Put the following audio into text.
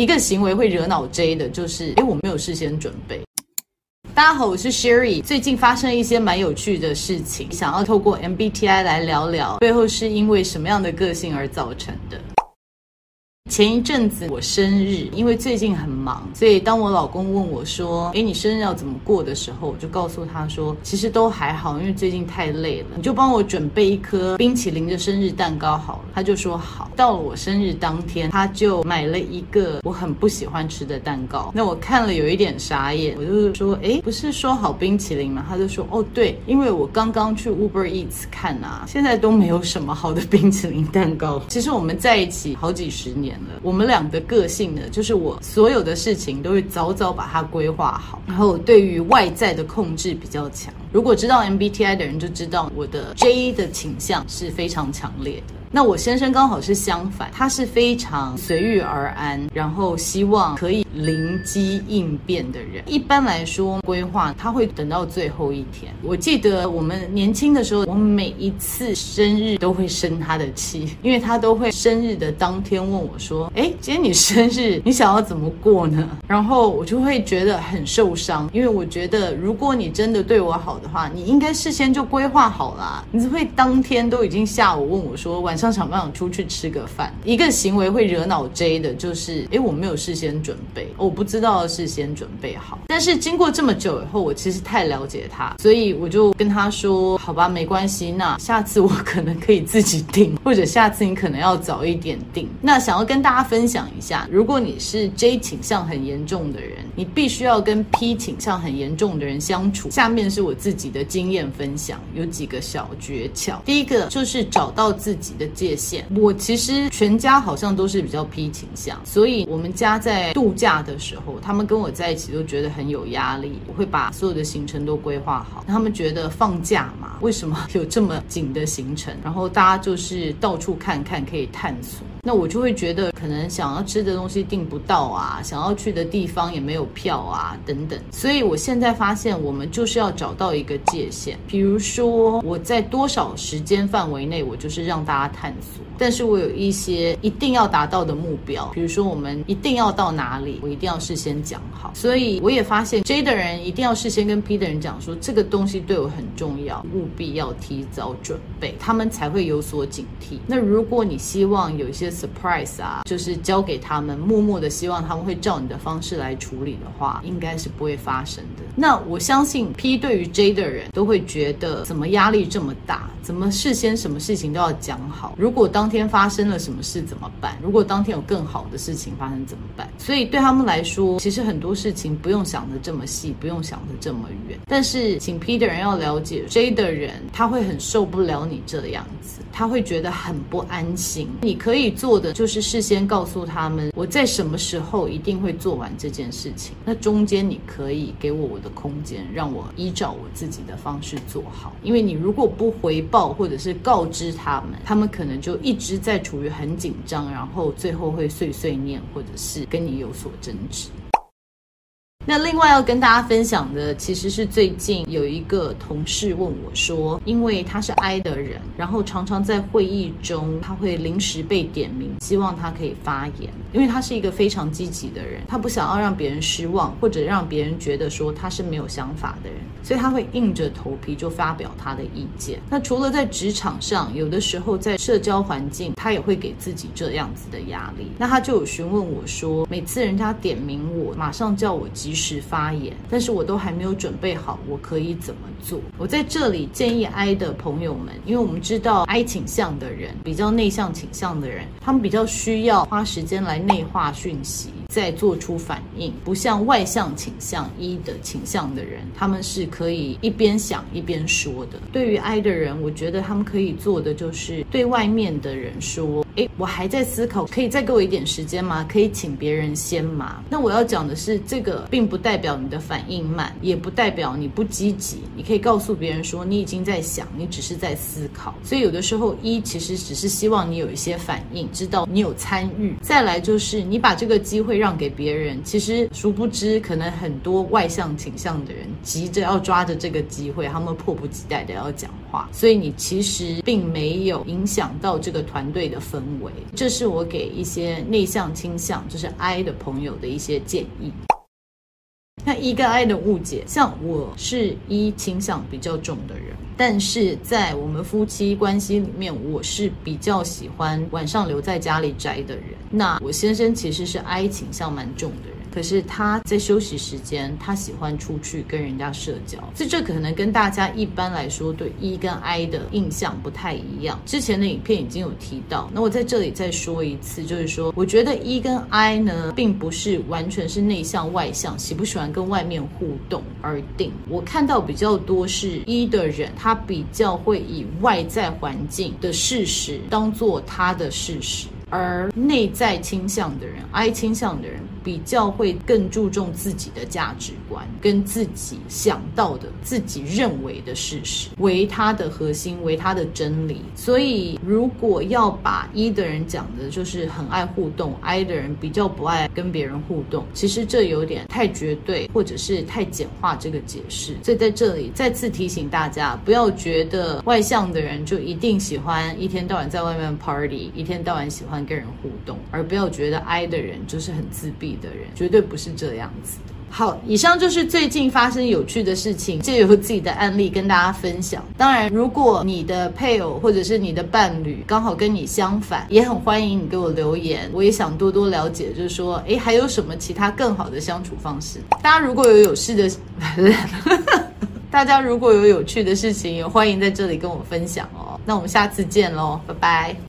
一個行為會惹惱 J 的，就是，哎，我沒有事先準備。大家好，我是 Sherry。最近發生一些蠻有趣的事情，想要透過 MBTI 來聊聊，背後是因為什麼樣的個性而造成的？前一陣子我生日，因為最近很忙，所以當我老公問我說：“哎，你生日要怎麼過？”的時候，我就告訴他說：“其實都還好，因為最近太累了，你就幫我準備一顆冰淇淋的生日蛋糕好了。”他就說好。到了我生日當天，他就買了一個我很不喜歡吃的蛋糕。那我看了有一點傻眼，我就說：“哎，不是說好冰淇淋嗎？”他就說：“哦，對，因為我剛剛去 Uber Eats 看啊，現在都沒有什麼好的冰淇淋蛋糕。”其實我們在一起好幾十年。我們倆的個、個性呢，就是我所有的事情都會早早把它規劃好，然後對於外在的控制比較強。如果知道 MBTI 的人就知道，我的 J 的傾向是非常強烈的。那我先生剛好是相反，他是非常隨遇而安，然後希望可以靈機應變的人。一般來說，規劃他會等到最後一天。我記得我們年輕的時候，我每一次生日都會生他的氣，因為他都會生日的當天問我說：“誒，今天你生日，你想要怎麼過呢？”然後我就會覺得很受傷，因為我覺得如果你真的對我好的話，你應該事先就規劃好啦。你不會當天都已經下午問我說晚。像想想辦法出去吃個飯。一個行為會惹惱 J 的就是，誒，我沒有事先準備，哦，我不知道事先準備好。但是經過這麼久以後，我其實太了解他，所以我就跟他說：“好吧，沒關係，那下次我可能可以自己訂，或者下次你可能要早一點訂。那想要跟大家分享一下，如果你是 J 傾向很嚴重的人，你必須要跟 P 傾向很嚴重的人相處。下面是我自己的經驗分享，有幾個小訣竅。第一個就是找到自己的。界限，我其實全家好像都是比較 P 傾向，所以我們家在度假的時候，他們跟我在一起都覺得很有壓力。我會把所有的行程都規劃好，他們覺得放假嘛，為什麼有這麼緊的行程？然後大家就是到處看看，可以探索。那我就會覺得，可能想要吃的東西訂不到啊，想要去的地方也沒有票啊，等等。所以我現在發現，我們就是要找到一個界限，比如說我在多少時間範圍內，我就是讓大家探索，但是我有一些一定要達到的目標，比如說我們一定要到哪裡，我一定要事先講好。所以我也發現，J 的人一定要事先跟 P 的人講說，這個東西對我很重要，務必要提早準備，他們才會有所警惕。那如果你希望有一些 surprise 啊，就是交給他們，默默的希望他們會照你的方式來處理的話，應該是不會發生的。那我相信 P 對於 J 的人都會覺得，怎麼壓力這麼大？怎麼事先什麼事情都要講好？如果當天發生了什麼事怎麼辦？如果當天有更好的事情發生怎麼辦？所以對他們來說，其實很多事情不用想得這麼細，不用想得這麼遠。但是請 P 的人要了解 J 的人，他會很受不了你這樣子。他會覺得很不安心。你可以做的就是事先告訴他們，我在什麼時候一定會做完這件事情。那中間你可以給我我的空間，讓我依照我自己的方式做好。因為你如果不回報或者是告知他們，他們可能就一直在處於很緊張，然後最後會碎碎念，或者是跟你有所爭執。那另外要跟大家分享的，其實是最近有一個同事問我說，因為他是 I 的人，然後常常在會議中他會臨時被點名，希望他可以發言。因為他是一個非常積極的人，他不想要讓別人失望，或者讓別人覺得說他是沒有想法的人，所以他會硬着頭皮就發表他的意見。那除了在職場上，有的時候在社交環境，他也會給自己這樣子的壓力。那他就有詢問我說，每次人家點名我，馬上叫我即。是發言，但是我都還沒有準備好，我可以怎麼做？我在這裡建議 I 的朋友們，因為我們知道 I 傾向的人比較內向傾向的人，他們比較需要花時間來內化訊息，再做出反應，不像外向傾向 E 的傾向的人，他們是可以一邊想一邊說的。對於 I 的人，我覺得他們可以做的就是對外面的人說。誒，我還在思考，可以再給我一點時間嗎？可以請別人先嗎？那我要講的是，這個並不代表你的反應慢，也不代表你不積極。你可以告訴別人說，你已經在想，你只是在思考。所以有的時候，一其實只是希望你有一些反應，知道你有參與。再來就是你把這個機會讓給別人，其實殊不知，可能很多外向傾向的人急着要抓着這個機會，他們迫不及待的要講。所以你其實並沒有影響到這個團隊的氛圍，這是我給一些內向傾向就是 I 的朋友的一些建議。那 E 跟 I 的誤解，像我是 E 傾向比較重的人，但是在我們夫妻關係裡面，我是比較喜歡晚上留在家裡宅的人。那我先生其實是 I 傾向蠻重的。可是他在休息時間，他喜歡出去跟人家社交，所以這可能跟大家一般來說對 E 跟 I 的印象不太一樣。之前的影片已經有提到，那我在這裡再說一次，就是說，我覺得 E 跟 I 呢，並不是完全是內向外向，喜不喜歡跟外面互動而定。我看到比較多是 E 的人，他比較會以外在環境的事實當做他的事實。而內在傾向的人，I 傾向的人比較會更注重自己的價值觀，跟自己想到的、自己認為的事實為他的核心，為他的真理。所以，如果要把 E 的人講的就是很愛互動，I 的人比較不愛跟別人互動，其實這有點太絕對，或者是太簡化這個解釋。所以，在這裡再次提醒大家，不要覺得外向的人就一定喜歡一天到晚在外面 party，一天到晚喜歡。跟人互動，而不要覺得 I 的人就是很自閉的人，絕對不是這樣子的。好，以上就是最近發生有趣的事情，藉由自己的案例跟大家分享。當然，如果你的配偶或者是你的伴侶剛好跟你相反，也很歡迎你給我留言，我也想多多了解，就是說，誒，還有什麼其他更好的相處方式？大家如果有有事的， 大家如果有有趣的事情，也歡迎在這裡跟我分享哦。那我們下次見嘍，拜拜。